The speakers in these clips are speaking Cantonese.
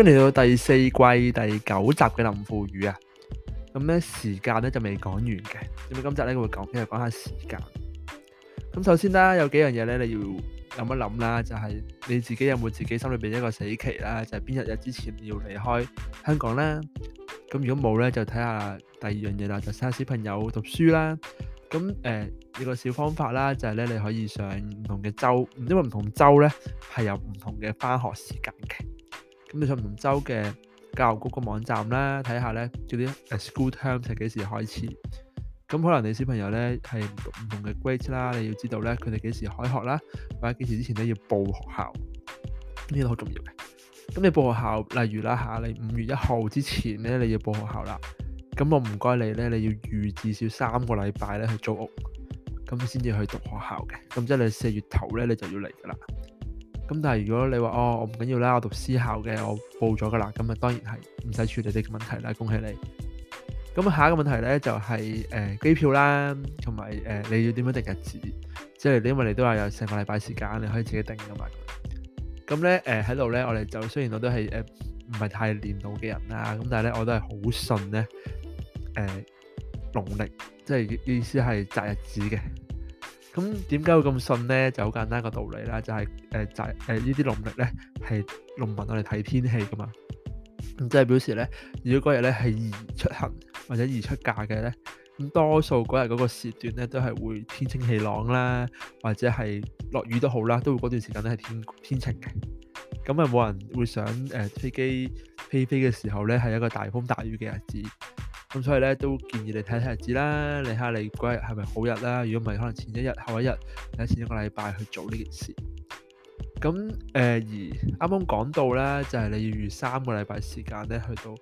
歡迎嚟到第四季第九集嘅林富宇啊！咁咧時間咧就未講完嘅，咁今集咧會講，今日講下時間。咁首先啦，有幾樣嘢咧你要諗一諗啦，就係你自己有冇自己心裏面一個死期啦，就係邊日日之前你要離開香港咧。咁如果冇咧，就睇下第二樣嘢啦，就睇下小朋友讀書啦。咁誒，有個小方法啦，就係咧你可以上唔同嘅州，因為唔同州咧係有唔同嘅返學時間嘅。咁你上梧州嘅教育局個網站啦，睇下咧，叫啲 school terms 係幾時開始。咁可能你小朋友咧係唔同嘅 grade 啦，你要知道咧佢哋幾時開學啦，或者幾時之前咧要報學校，呢個好重要嘅。咁你報學校，例如啦嚇，你五月一號之前咧你要報學校啦。咁我唔該你咧，你要預至少三個禮拜咧去租屋，咁先至去讀學校嘅。咁即係你四月頭咧，你就要嚟噶啦。咁但係如果你話哦，我唔緊要啦，我讀私校嘅，我報咗噶啦，咁啊當然係唔使處理呢個問題啦，恭喜你。咁下一個問題咧就係誒機票啦，同埋誒你要點樣定日子？即係因為你都話有成個禮拜時間，你可以自己定噶嘛。咁咧誒喺度咧，我哋就雖然我都係誒唔係太年老嘅人啦，咁但係咧我都係好信咧誒農曆，即係意思係擇日子嘅。咁點解會咁信呢？就好簡單一個道理啦，就係、是、就、呃呃、呢啲農曆呢係農民我哋睇天氣噶嘛，咁即係表示呢，如果嗰日呢係易出行或者易出嫁嘅呢，咁多數嗰日嗰個時段呢都係會天清氣朗啦，或者係落雨都好啦，都會嗰段時間呢係天天晴嘅，咁啊冇人會想、呃、飛機飛飛嘅時候呢係一個大風大雨嘅日子。咁所以咧，都建議你睇睇日子啦。你睇下你嗰日係咪好日啦？如果唔係，可能前一日、後一日睇下前一個禮拜去做呢件事。咁誒、呃，而啱啱講到咧，就係、是、你要預三個禮拜時間咧，去到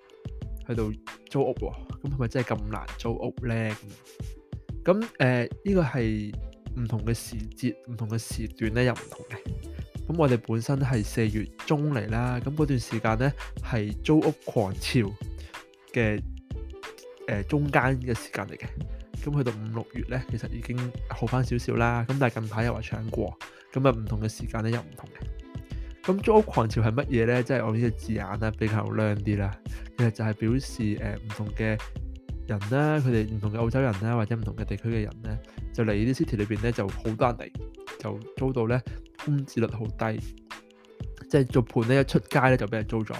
去到租屋喎、喔。咁係咪真係咁難租屋咧？咁誒，呢、呃這個係唔同嘅時節、唔同嘅時段咧，又唔同嘅。咁我哋本身係四月中嚟啦，咁嗰段時間咧係租屋狂潮嘅。誒中間嘅時間嚟嘅，咁去到五六月咧，其實已經好翻少少啦。咁但係近排又話搶過，咁啊唔同嘅時間咧又唔同嘅。咁租屋狂潮係乜嘢咧？即係我呢隻字眼咧比較靚啲啦。其實就係表示誒唔同嘅人啦，佢哋唔同嘅澳洲人啦，或者唔同嘅地區嘅人咧，就嚟呢啲 city 裏邊咧就好多人嚟，就租到咧空置率好低，即係做盤咧一出街咧就俾人租咗。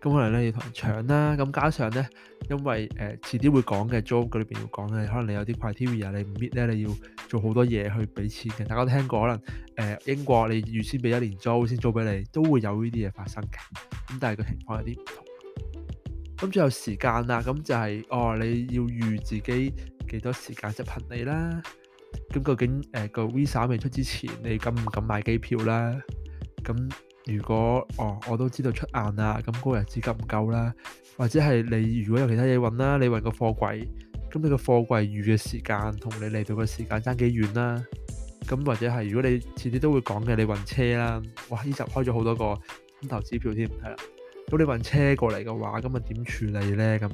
咁可能咧要同人搶啦，咁加上咧。因為誒，遲、呃、啲會講嘅租屋嗰裏邊要講嘅，可能你有啲 part time 啊，你唔 meet 咧，你要做好多嘢去俾錢嘅。大家都聽過可能誒、呃，英國你預先俾一年租先租俾你，都會有呢啲嘢發生嘅。咁但係個情況有啲唔同。咁最後時間啦，咁就係、是、哦，你要預自己幾多時間執行李啦。咁究竟誒、呃、個 Visa 未出之前，你敢唔敢買機票啦？咁。如果哦，我都知道出眼啦，咁嗰個日子夠唔夠啦？或者係你如果有其他嘢揾啦，你揾個貨櫃，咁你個貨櫃餘嘅時間同你嚟到嘅時間爭幾遠啦？咁或者係如果你遲啲都會講嘅，你運車啦，哇呢集開咗好多個投資票添，係啦，咁你運車過嚟嘅話，咁咪點處理呢？咁樣，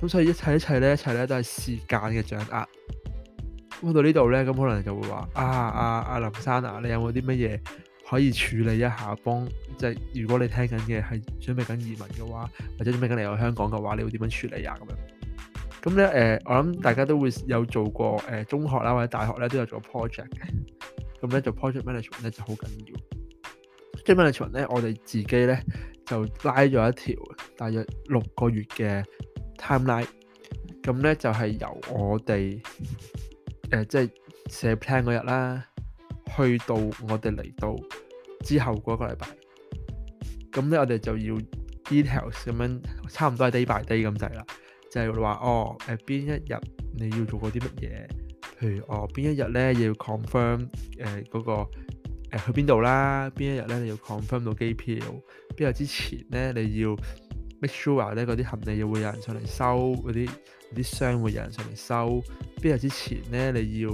咁所以一切一切呢，一切咧都係時間嘅掌握。咁到呢度呢，咁可能就會話啊啊啊林生啊，你有冇啲乜嘢？可以處理一下幫，幫即係如果你聽緊嘅係準備緊移民嘅話，或者準備緊嚟到香港嘅話，你要點樣處理啊？咁樣咁咧，誒、呃，我諗大家都會有做過誒、呃、中學啦或者大學咧都有做 project 嘅，咁咧做 project management 咧就好緊要。project management 咧，我哋自己咧就拉咗一條大約六個月嘅 timeline，咁咧就係、是、由我哋誒即係寫 plan 嗰日啦，去到我哋嚟到。之後嗰一個禮拜，咁咧我哋就要 details 咁樣，差唔多係 day by day 咁就係啦，就係、係、話哦誒邊一日你要做過啲乜嘢？譬如哦，邊一日咧要 confirm 誒嗰個、呃、去邊度啦？邊一日咧你要 confirm 到機票？邊日之前咧你要 make sure 咧嗰啲行李又會有人上嚟收，嗰啲啲箱會有人上嚟收？邊日之前咧你要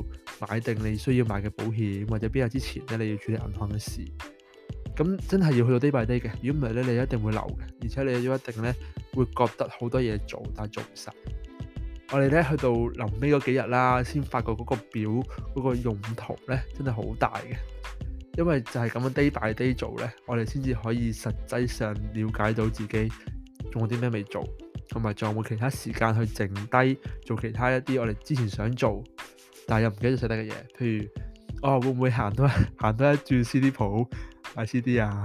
買定你需要買嘅保險，或者邊日之前咧你要處理銀行嘅事？咁真係要去到 day by day 嘅，如果唔係咧，你一定會留嘅。而且你又一定咧會覺得好多嘢做，但係做唔曬。我哋咧去到臨尾嗰幾日啦，先發覺嗰個表嗰個用途咧真係好大嘅。因為就係咁樣 day by day 做咧，我哋先至可以實際上了解到自己仲有啲咩未做，同埋仲有冇其他時間去剩低做其他一啲我哋之前想做但係又唔記得寫得嘅嘢。譬如哦，會唔會行多行多一轉 C D 鋪？係呢啲啊，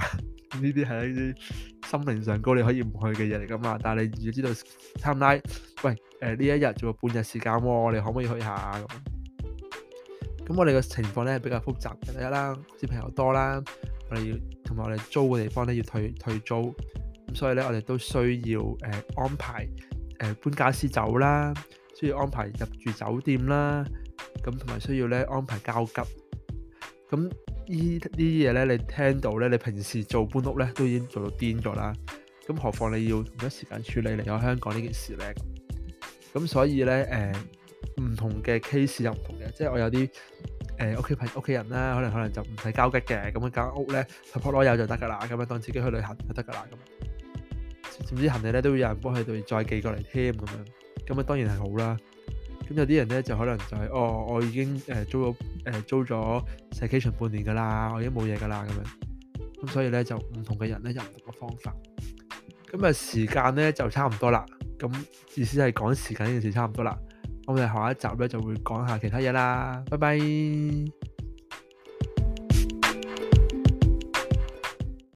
呢啲係啲心靈上高你可以唔去嘅嘢嚟噶嘛。但係你要知道，timeline，喂，誒呢一日仲有半日時間，我哋可唔可以去下？咁，咁我哋嘅情況咧比較複雜，第一啦，小朋友多啦，我哋要同埋我哋租嘅地方咧要退退租，咁所以咧我哋都需要誒安排誒搬家私走啦，需要安排入住酒店啦，咁同埋需要咧安排交吉，咁。這東西呢啲嘢咧，你聽到咧，你平時做搬屋咧，都已經做到癲咗啦。咁何況你要同一時間處理嚟咗香港呢件事咧？咁所以咧，誒、呃、唔同嘅 case 又唔同嘅，即係我有啲誒屋企朋屋企人啦，可能可能就唔使交吉嘅，咁、那個、樣交間屋咧，就撲攞有就得噶啦，咁樣當自己去旅行就得㗎啦，咁。甚至行李咧都會有人幫佢哋再寄過嚟添，咁樣咁啊，當然係好啦。咁有啲人咧就可能就係、是、哦，我已經誒、呃、租咗誒、呃、租咗 station 半年㗎啦，我已經冇嘢㗎啦咁樣。咁所以咧就唔同嘅人咧有唔同嘅方法。咁啊時間咧就差唔多啦。咁意思係講時間呢件事差唔多啦。我哋下一集咧就會講下其他嘢啦。拜拜。